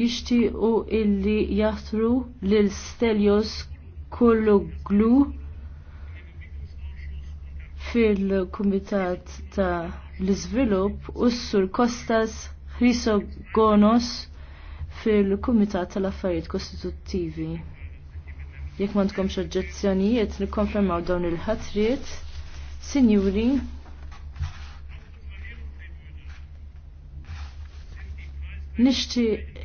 jixtiequ illi jaħtru lil Stelios glu fil-Kumitat ta' l-Iżvilupp u s-Sur Kostas Hrisogonos fil-Kumitat tal-Affarijiet Kostituttivi. Jekk m'għandkomx oġġezzjonijiet nikkonfermaw dawn il-ħatriet, Sinjuri, nixtieq